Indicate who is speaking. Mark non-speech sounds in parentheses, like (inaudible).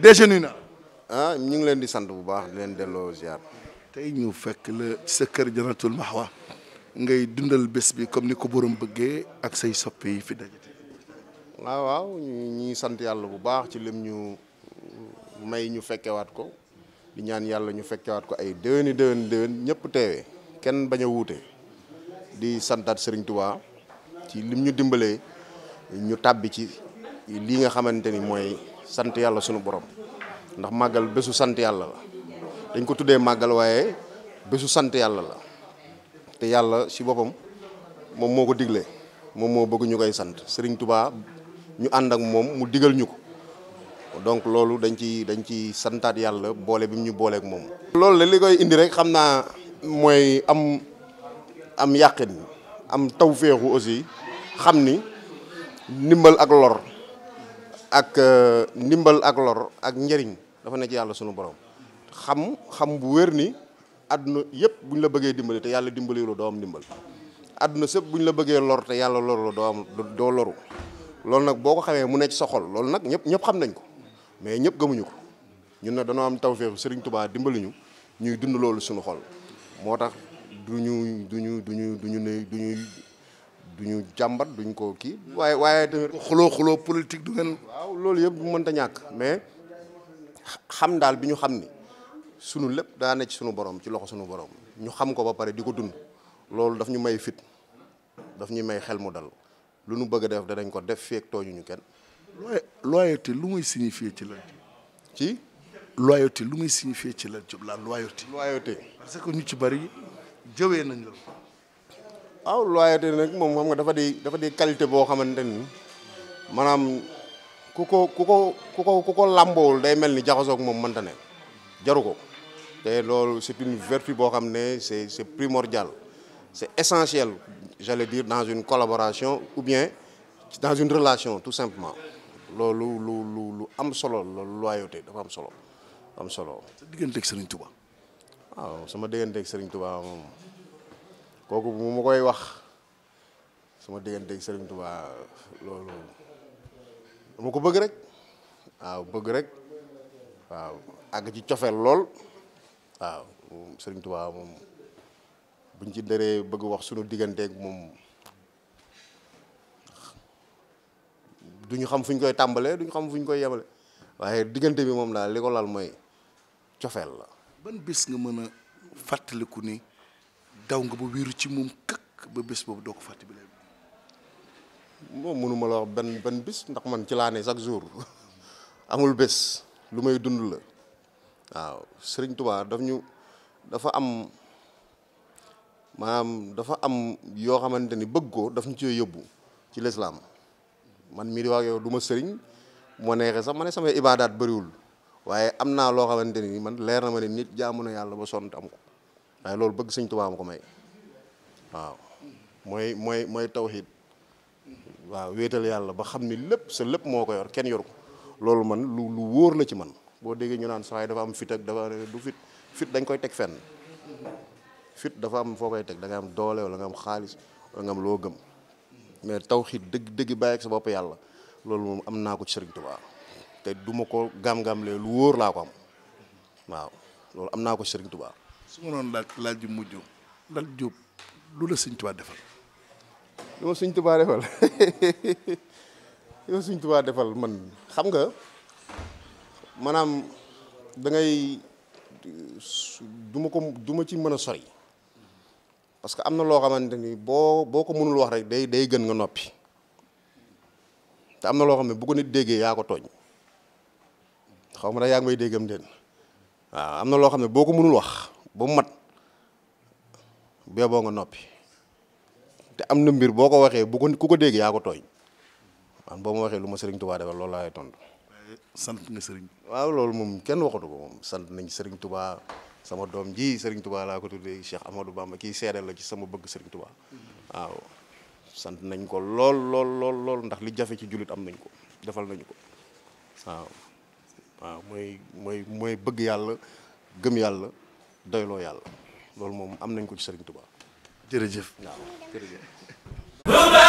Speaker 1: déjeuner na. ah ñu ngi leen di sant bu baax leen delloo ziar. tey ñu fekk la sa kër Jannatul Mahwa ngay dundal bés bi comme ni ko borom bëggee ak say soppi yi fi daje. waaw waaw ñu sant yàlla bu baax ci lim ñu may ñu fekkewaat ko di ñaan yàlla ñu fekkewaat ko ay déwéni déwén déwén ñëpp teewee kenn bañ a wuute di santaat Serigne Touba ci lim ñu dimbalee ñu tàbbi ci lii nga xamante ni mooy. sant yàlla sunu borom ndax màggal bésu sant yàlla la dañ ko tuddee màggal waaye bésu sant yàlla la te yàlla si boppam moom moo ko digle moom moo bëgg ñu koy sant Sëriñ Tubaa ñu ànd ak moom mu digal ñu ko donc loolu dañ ci dañ ci santaat yàlla boole bi mu ñu booleek moom loolu la li koy indi rek xam naa mooy am am yàqin am taw tawféexu aussi xam ni ndimbal ak lor ak euh, ndimbal ak lor ak njëriñ dafa ne ci yàlla sunu borom xam xam bu wér ni àdduna yëpp bu ñu la bëggee dimbali te yàlla dimbali lu doo am dimbal àdduna sëpp bu ñu la bëggee lor te yàlla lor la doo am doo loru loolu nag boo ko xamee mu ne ci sa xol loolu nag ñëpp ñëpp xam nañ ko mais ñëpp gëmuñu ko ñun ne dañoo am tawféexu Sëriñ Tuubaa dimbali ñu ñuy dund loolu suñu xol moo tax duñu duñu duñu du ne duñu duñu jàmbat duñ ko kii waaye waaye tamit waaw loolu yëpp mënta ñàkk mais xam daal bi ñu xam ni sunu lépp daa ne ci sunu borom ci loxo sunu borom ñu xam ko ba pare di ko dund loolu daf ñu may fit daf ñu may xel mu dal lu nu bëgg a def danañ ko def feek tooñu ñu kenn. looy loyauté lu muy signifier ci la. ci. loyauté lu muy signifier ci la Diop la loyauté. loyauté parce que ñu ci bari jëwee nañ la. waaw loyauté nag moom xam nga dafa di dafa di qualité boo xamante ni maanaam. ku ko ku ko ku ko ku ko làmboowul day mel ni jaxasoog moom mënta ne jaru ko te loolu c'est une vertu boo xam ne c'est c'est primordial c'est essentiel j'allais dire dans une collaboration ou bien dans une relation tout simplement loolu lu lu lu am solo la loyauté dafa am solo am solo. sa digganteeg Serigne Touba. waaw sama digganteeg Serigne Touba moom kooku bu ma koy wax sama digganteeg Serigne Touba loolu. dama ko bëgg rek waaw bëgg rek waaw àgg ci cofeel lool waaw Sëriñ Tuubaa moom buñ ci dëree bëgg wax sunu digganteeg moom duñu xam fuñ koy tàmbalee duñu xam fuñ koy yemale waaye diggante bi moom daal li ko laal mooy cofeel la. ban bés nga mën a fàttaliku ni daw nga ba wéeru ci moom këkk ba bés boobu doo ko fàttali. moom mënuma la wax benn bis ndax man ci laa ne chaque jour (laughs) amul bés lu may dund la waaw Sëriñ tubaa daf ñu dafa am maanaam dafa am yoo xamante ni bëgg ko daf ñu cee yóbbu ci lislaam man mii di wax yow du ma sëriñ moo neexee sax ma ne samay ibaadaat bariwul waaye am naa loo xamante ni man leer na ma ne nit jaamu na yàlla ba sonn am ko waaye loolu bëgg Sëriñ Tuubaa ma ko may waaw mooy mooy mooy tawxiid waaw wéetal yàlla ba xam ni lépp sa lépp moo ko yor kenn yoru ko loolu man lu lu wóor la ci man boo déggee ñu naan saa yi dafa am fit ak dafa du fit fit dañ koy teg fenn fit dafa am foo koy teg da nga am doole wala nga am xaalis wala loo gëm mais tawxiid dëgg dëgg bàyyi ak bopp yàlla loolu moom am naa ko ci Sëriñ Tuubaa te duma ko gam gaam lee lu wóor laa ko am waaw loolu am naa ko ci Sëriñ Tuubaa su ma noonu laaj laaj ju mujj Lat Diop lu la Sëriñ Tuubaa defal li ma suñ tubaa defal li (laughs) ma suñ tubaa defal man xam nga maanaam da ngay du ma ko du ma ci mën a sori parce que am na loo xamante ni boo boo ko mënul wax rek day day gën nga noppi te am na loo xam ne bu ko nit déggee yaa ko tooñ xaw ma da yaa ngi may déggam den waaw am na loo xam ne boo ko mënul wax ba mu mat beeboo nga noppi te am na mbir boo ko waxee bu ko ku ko dégg yaa ko tooñ man boo ma waxee lu ma Serigne Touba defal loolu laay tontu. sant nga sëriñ waaw loolu moom kenn waxatu ko sant nañ Serigne Touba sama doom ji sëriñ tubaa laa ko tuddee Cheikh Amadou baama kiy seedeel la ci sama bëgg Serigne Touba waaw sant nañ ko lool lool lool lool ndax li jafe ci jullit am nañ ko defal nañu ko waaw. waaw mooy mooy bëgg yàlla gëm yàlla doyloo yàlla loolu moom am nañ ko ci sëriñ tubaa jërëjëf jërëjëf (laughs)